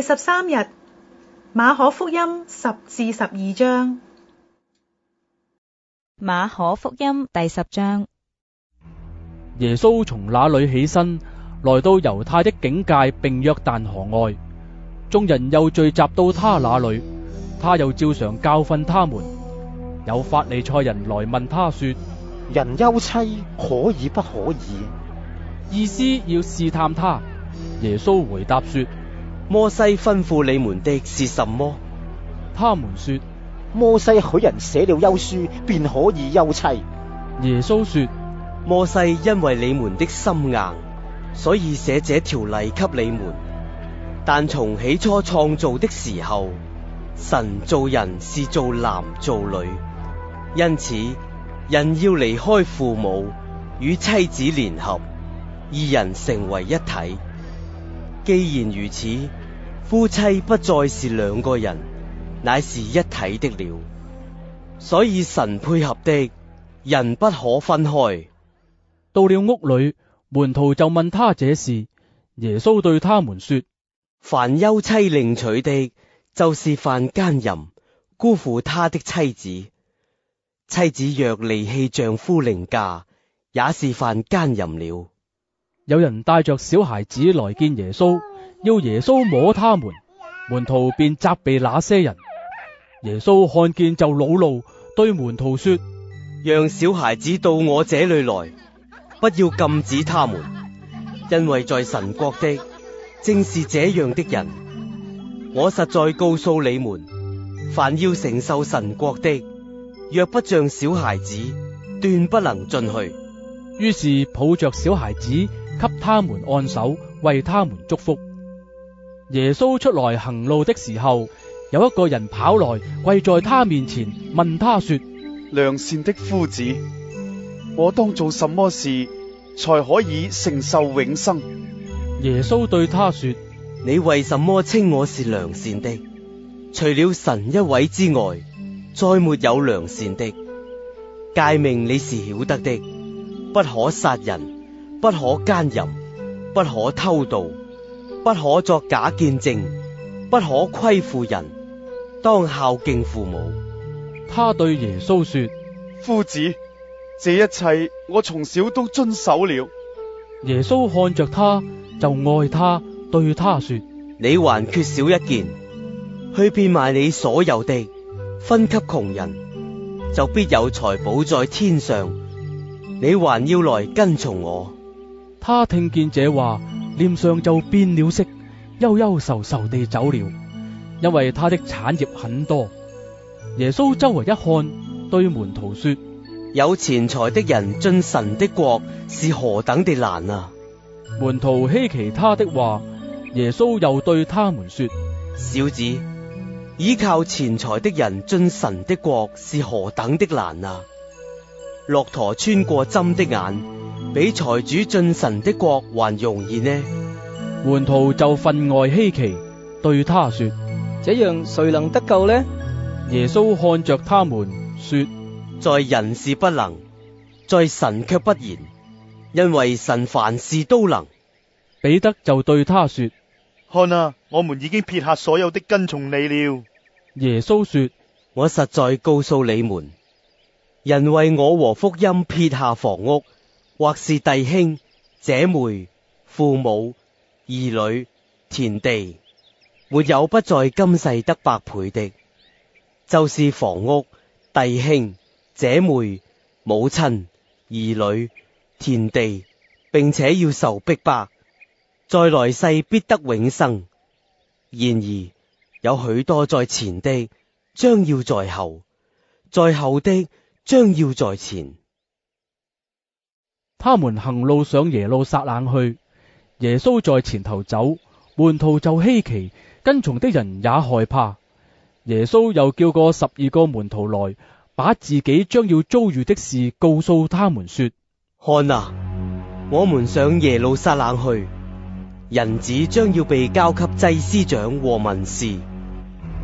第十三日，馬可福音十至十二章，馬可福音第十章。耶穌從那裏起身，來到猶太的境界，並約旦河外，眾人又聚集到他那裏，他又照常教訓他們。有法利賽人來問他說：人休妻可以不可以？意思要試探他。耶穌回答說。摩西吩咐你們的是什麼？他們說：摩西許人寫了休書，便可以休妻。耶穌說：摩西因為你們的心硬，所以寫這條例給你們。但從起初創造的時候，神造人是造男造女，因此人要離開父母，與妻子聯合，二人成為一體。既然如此。夫妻不再是兩個人，乃是一體的了。所以神配合的人不可分開。到了屋裏，門徒就問他這事。耶穌對他們說：凡休妻另娶的，就是犯奸淫；辜負他的妻子，妻子若離棄丈夫另嫁，也是犯奸淫了。有人帶着小孩子來見耶穌。要耶穌摸他們，門徒便責備那些人。耶穌看見就惱怒，對門徒說：讓小孩子到我這裏來，不要禁止他們，因為在神國的正是這樣的人。我實在告訴你們，凡要承受神國的，若不像小孩子，斷不能進去。於是抱着小孩子，給他們按手，為他們祝福。耶穌出來行路的時候，有一個人跑來跪在他面前，問他說：良善的夫子，我當做什麼事才可以承受永生？耶穌對他說：你為什麼稱我是良善的？除了神一位之外，再沒有良善的。誡命你是曉得的，不可殺人，不可姦淫，不可偷盜。不可作假見證，不可虧負人，當孝敬父母。他對耶穌說：「夫子，這一切我從小都遵守了。耶穌看着他，就愛他，對他說：「你還缺少一件，去變賣你所有的，分給窮人，就必有財寶在天上。你還要來跟從我。他聽見這話，臉上就變了色，憂憂愁愁地走了，因為他的產業很多。耶穌周圍一看，對門徒說：有錢財的人進神的國是何等的難啊！門徒希奇他的話，耶穌又對他們說：小子，倚靠錢財的人進神的國是何等的難啊！駱駝穿過針的眼，比財主進神的國還容易呢？門徒就分外稀奇，對他說：這樣誰能得救呢？耶穌看着他們說：在人是不能，在神卻不然，因為神凡事都能。彼得就對他說：看啊，我們已經撇下所有的跟從你了。耶穌說：我實在告訴你們，人為我和福音撇下房屋。或是弟兄、姐妹、父母、兒女、田地，沒有不在今世得百倍的；就是房屋、弟兄、姐妹、母親、兒女、田地，並且要受逼迫，在來世必得永生。然而，有許多在前的，將要在後；在後的，將要在前。他們行路上耶路撒冷去，耶穌在前頭走，門徒就稀奇，跟從的人也害怕。耶穌又叫過十二個門徒來，把自己將要遭遇的事告訴他們說：看啊，我們上耶路撒冷去，人子將要被交給祭司長和文士，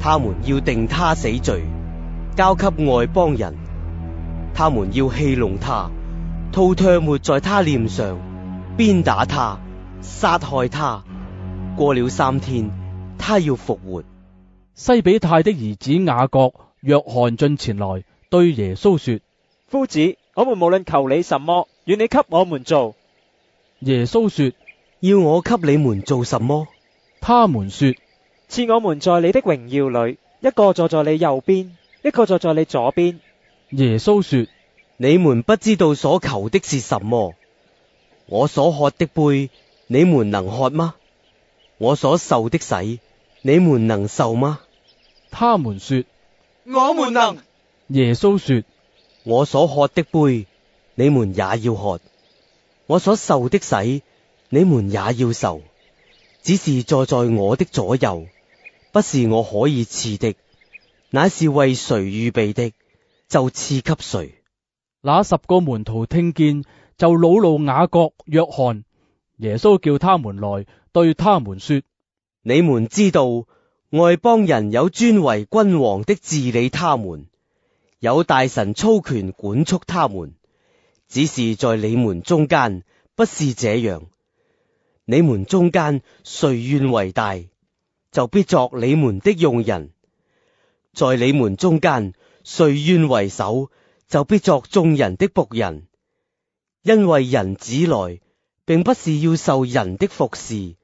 他們要定他死罪，交給外邦人，他們要戲弄他。吐唾沫在他臉上，鞭打他，殺害他。過了三天，他要復活。西比泰的兒子雅各、約翰進前來對耶穌說，夫子，我們無論求你什麼，願你給我們做。耶穌說：要我給你們做什麼？他們說：賜我們在你的榮耀裏，一個坐在你右邊，一個坐在你左邊。耶穌說。你們不知道所求的是什麼，我所喝的杯你們能喝嗎？我所受的洗你們能受嗎？他們說：我們能。耶穌說：我所喝的杯你們也要喝，我所受的洗你們也要受。只是坐在我的左右，不是我可以賜的，乃是為誰預備的，就賜給誰。那十個門徒聽見，就惱怒雅各、約翰，耶穌叫他們來，對他們說：你們知道外邦人有尊為君王的治理他們，有大臣操權管束他們，只是在你們中間不是這樣。你們中間誰願為大，就必作你們的用人；在你們中間誰願為首，就必作眾人的僕人，因為人子來，並不是要受人的服侍，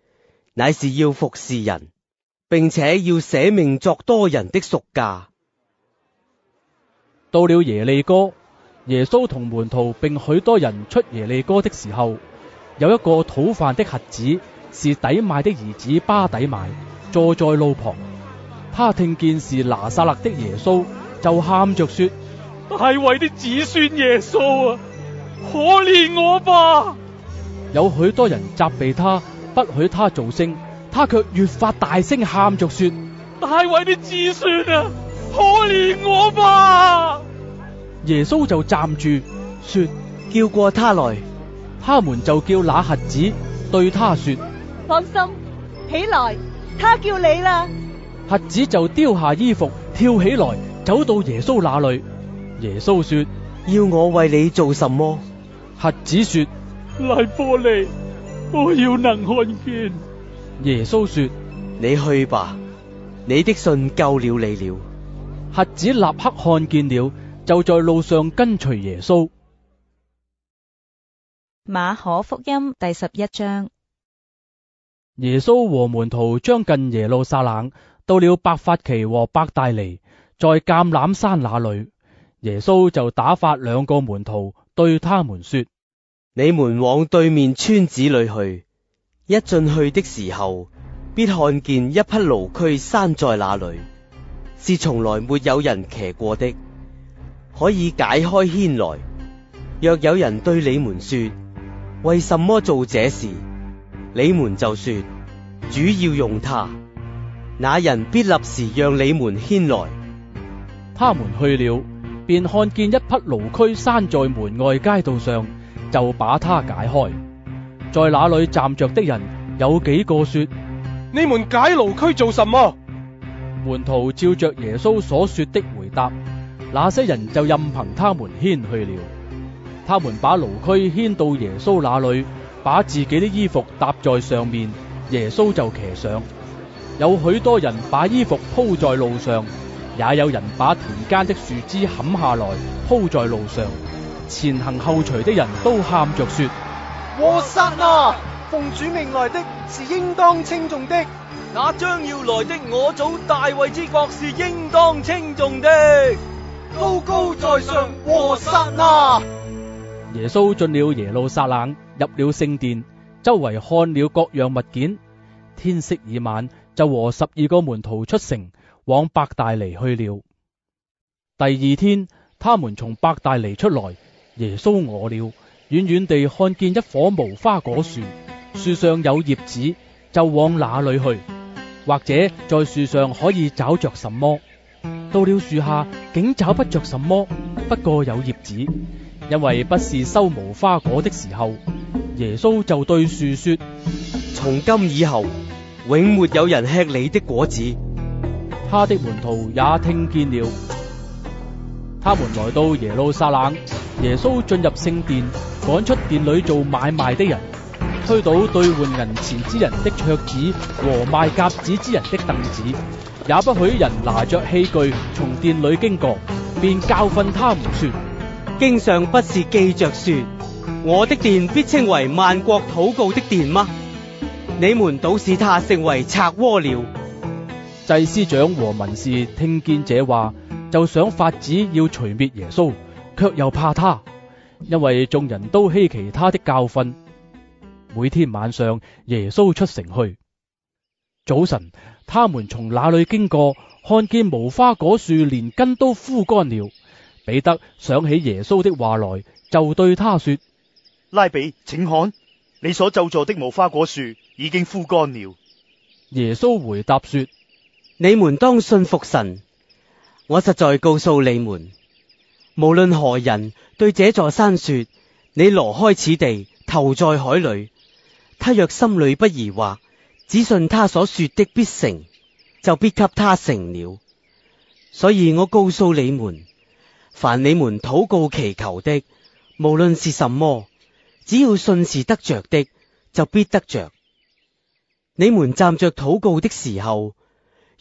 乃是要服侍人，並且要捨命作多人的贖價。到了耶利哥，耶穌同門徒並許多人出耶利哥的時候，有一個討飯的瞎子，是底賣的兒子巴底賣，坐在路旁。他聽見是拿撒勒的耶穌，就喊着說。大衛的子孫耶穌啊，可憐我吧！有許多人責備他，不許他作聲，他卻越發大聲喊着說：大衛的子孫啊，可憐我吧！耶穌就站住說：叫過他來。他們就叫那瞎子對他說：放心，起來，他叫你啦。瞎子就丟下衣服，跳起來走到耶穌那裏。耶穌說：要我為你做什麼？瞎子說：拉波尼，我要能看見。耶穌說：你去吧，你的信救了你了。瞎子立刻看見了，就在路上跟隨耶穌。馬可福音第十一章：耶穌和門徒將近耶路撒冷，到了伯法奇和伯大尼，在橄欖山那裏。耶穌就打發兩個門徒對他們說：你們往對面村子裏去，一進去的時候，必看見一匹驢駒拴在那裏，是從來沒有人騎過的，可以解開牽來。若有人對你們說為什麼做這事，你們就說主要用它，那人必立時讓你們牽來。他們去了。便看見一匹驢駒拴在門外街道上，就把它解開。在那裏站着的人有幾個說：你們解驢駒做什麼？門徒照着耶穌所說的回答，那些人就任憑他們牽去了。他們把驢駒牽到耶穌那裏，把自己的衣服搭在上面，耶穌就騎上。有許多人把衣服鋪在路上。也有人把田間的樹枝砍下來鋪在路上，前行後隨的人都喊着說：和散那，奉主命來的是應當稱頌的，那將要來的我祖大衛之國是應當稱頌的。高高在上和散那！耶穌進了耶路撒冷，入了聖殿，周圍看了各樣物件，天色已晚，就和十二個門徒出城。往伯大尼去了。第二天，他們從伯大尼出來，耶穌餓了，遠遠地看見一棵無花果樹，樹上有葉子，就往那裏去，或者在樹上可以找着什麼。到了樹下，竟找不着什麼，不過有葉子，因為不是收無花果的時候。耶穌就對樹說：從今以後，永沒有人吃你的果子。他的門徒也聽見了，他們來到耶路撒冷，耶穌進入聖殿，趕出殿裏做買賣的人，推倒兌換銀錢之人的桌子和賣鴿子之人的凳子，也不許人拿着器具從殿裏經過，便教訓他們說：經上不是記着說，我的殿必稱為萬國禱告的殿嗎？你們倒使他成為賊窩了。祭司長和文士聽見這話，就想法子要除滅耶穌，卻又怕他，因為眾人都希奇他的教訓。每天晚上耶穌出城去，早晨他們從那裡經過，看見無花果樹連根都枯乾了。彼得想起耶穌的話來，就對他說：拉比，請看，你所咒詛的無花果樹已經枯乾了。耶穌回答說。你們當信服神，我實在告訴你們，無論何人對這座山說：你挪開此地，投在海裏，他若心裏不疑惑，只信他所說的必成，就必給他成了。所以我告訴你們，凡你們禱告祈求的，無論是什麼，只要信是得着的，就必得着。你們站着禱告的時候。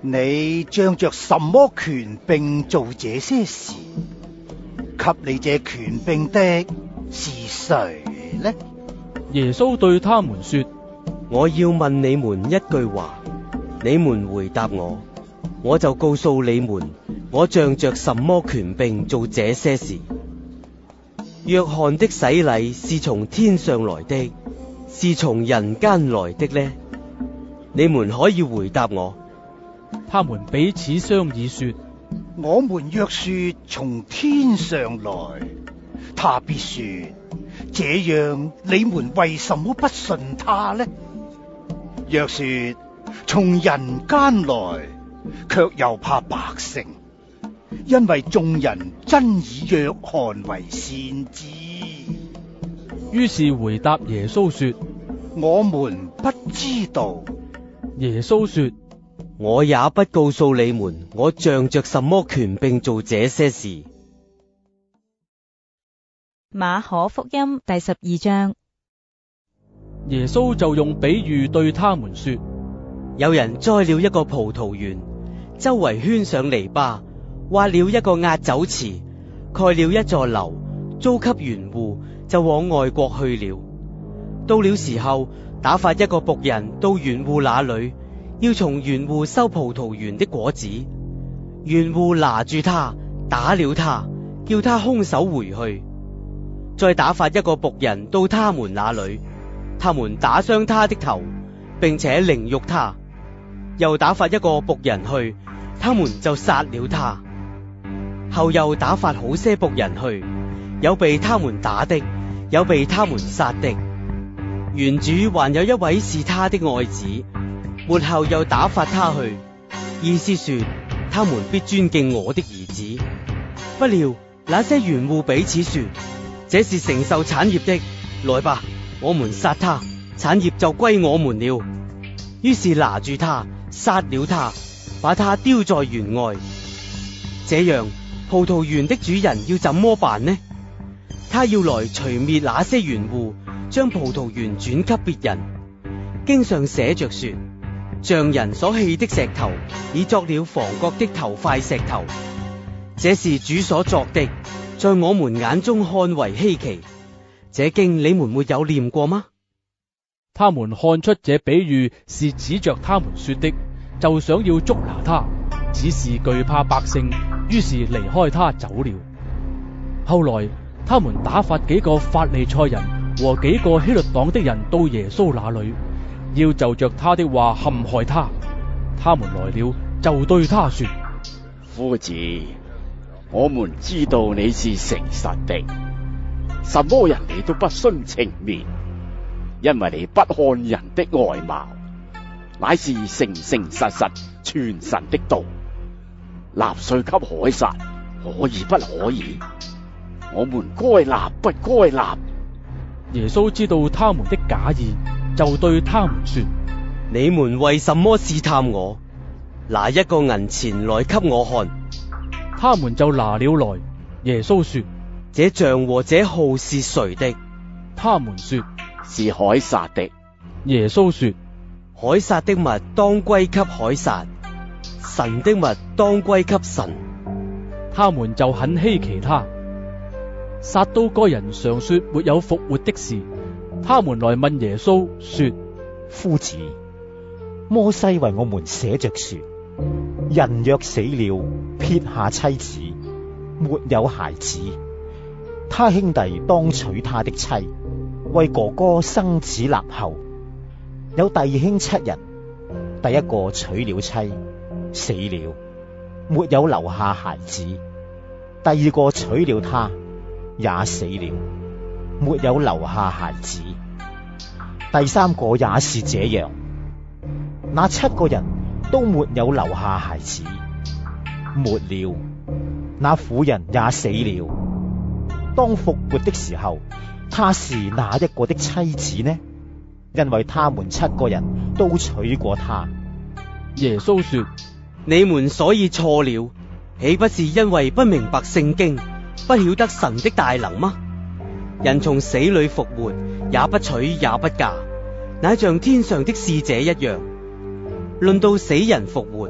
你仗着什麼權柄做這些事？給你這權柄的是誰呢？耶穌對他們說：我要問你們一句話，你們回答我，我就告訴你們，我仗着什麼權柄做這些事？約翰的洗禮是從天上來的，是從人間來的呢？你們可以回答我。他們彼此相議說：我們若說從天上來，他必說：這樣你們為什麼不信他呢？若說從人間來，卻又怕百姓，因為眾人真以約翰為先知。於是回答耶穌說：我們不知道。耶穌說。我也不告訴你們，我仗着什麼權柄做這些事。馬可福音第十二章，耶穌就用比喻對他們說：有人栽了一個葡萄園，周圍圈上籬笆，挖了一個壓酒池，蓋了一座樓，租給園戶，就往外國去了。到了時候，打發一個僕人到園戶那裏。要從園戶收葡萄園的果子，園戶拿住他，打了他，叫他空手回去。再打發一個僕人到他們那裡，他們打傷他的頭，並且凌辱他。又打發一個僕人去，他們就殺了他。後又打發好些僕人去，有被他們打的，有被他們殺的。園主還有一位是他的愛子。末後又打發他去，意思說他們必尊敬我的兒子。不料那些園戶彼此說：這是承受產業的，來吧，我們殺他，產業就歸我們了。於是拿住他，殺了他，把他丟在園外。這樣葡萄園的主人要怎麼辦呢？他要來除滅那些園戶，將葡萄園轉給別人。經常寫着說。像人所棄的石頭，已作了房角的頭塊石頭。這是主所作的，在我們眼中看為稀奇。這經你們沒有念過嗎？他們看出這比喻是指着他們說的，就想要捉拿他，只是懼怕百姓，於是離開他走了。後來他們打發幾個法利賽人和幾個希律黨的人到耶穌那裏。要就着他的話陷害他，他們來了就對他說：，夫子，我們知道你是誠實的，什麼人你都不徇情面，因為你不看人的外貌，乃是誠誠實實全神的道。納稅給海撒，可以不可以？我們該納不該納？耶穌知道他們的假意。就對他們說：你們為什麼試探我？拿一個銀錢來給我看。他們就拿了來。耶穌說：這像和這號是誰的？他們說是凱撒的。耶穌說：凱撒的物當歸給凱撒，神的物當歸給神。他們就很希奇他。撒都該人常說沒有復活的事。他們來問耶穌說：夫子，摩西為我們寫着說，人若死了，撇下妻子，沒有孩子，他兄弟當娶他的妻，為哥哥生子立後。有弟兄七人，第一個娶了妻，死了，沒有留下孩子；第二個娶了他，也死了。沒有留下孩子，第三個也是這樣。那七個人都沒有留下孩子，沒了。那婦人也死了。當復活的時候，她是哪一個的妻子呢？因為他們七個人都娶過她。耶穌說：你們所以錯了，豈不是因為不明白聖經，不曉得神的大能嗎？人從死裏復活，也不娶也不嫁，乃像天上的使者一樣。論到死人復活，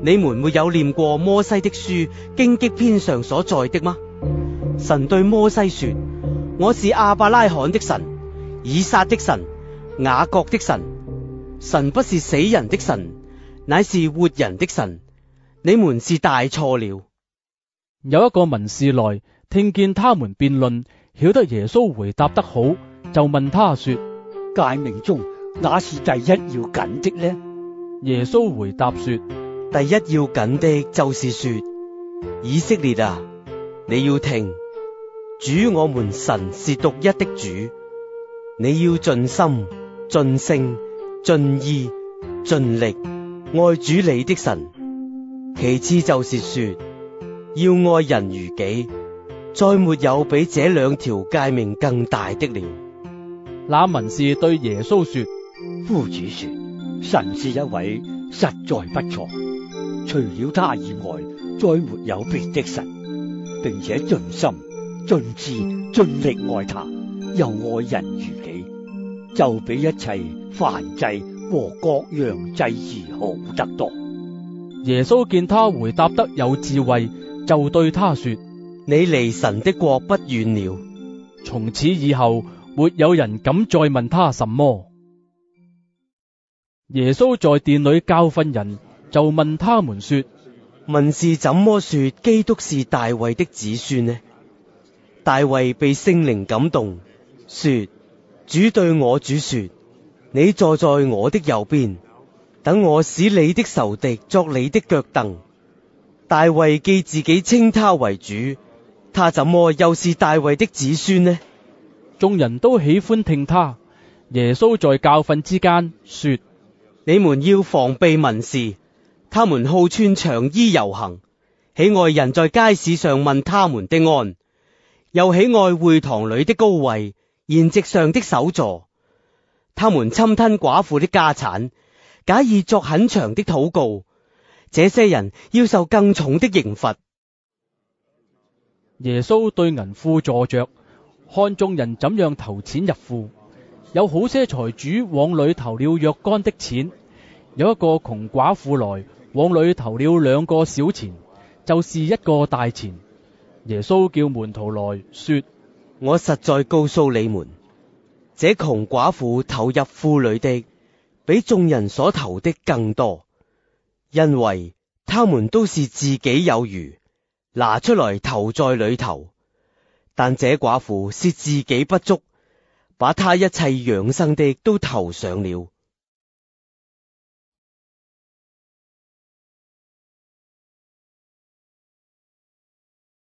你們沒有念過摩西的書《荊棘篇》上所在的嗎？神對摩西說：我是亞伯拉罕的神、以撒的神、雅各的神。神不是死人的神，乃是活人的神。你們是大錯了。有一個文士來聽見他們辯論。曉得耶穌回答得好，就問他說：誡命中，哪是第一要緊的呢？耶穌回答說：第一要緊的，就是說，以色列啊，你要聽，主我們神是獨一的主，你要盡心、盡性、盡意、盡力、盡力愛主你的神。其次就是說，要愛人如己。再沒有比這兩條誡命更大的了。那文士對耶穌說，夫子說，神是一位，實在不錯。除了他以外，再沒有別的神，並且盡心、盡智、盡力愛他，又愛人如己，就比一切燔祭和各樣祭祀好得多。耶穌見他回答得有智慧，就對他說。你離神的國不遠了。從此以後，沒有人敢再問他什麼。耶穌在殿裏教訓人，就問他們說：文士怎麼說？基督是大衛的子孫呢？大衛被聖靈感動，說：主對我主說，你坐在我的右邊，等我使你的仇敵作你的腳凳。大衛記自己稱他為主。他怎麼又是大衛的子孫呢？眾人都喜歡聽他。耶穌在教訓之間說：你們要防備文士，他們好穿長衣遊行，喜愛人在街市上問他們的安，又喜愛會堂裏的高位、筵席上的首座。他們侵吞寡婦的家產，假意作很長的禱告。這些人要受更重的刑罰。耶穌對銀庫坐着，看眾人怎樣投錢入庫。有好些財主往裏投了若干的錢，有一個窮寡婦來，往裏投了兩個小錢，就是一個大錢。耶穌叫門徒來說：我實在告訴你們，這窮寡婦投入庫裏的，比眾人所投的更多，因為他們都是自己有餘。拿出來投在裏頭，但這寡婦是自己不足，把他一切養生的都投上了。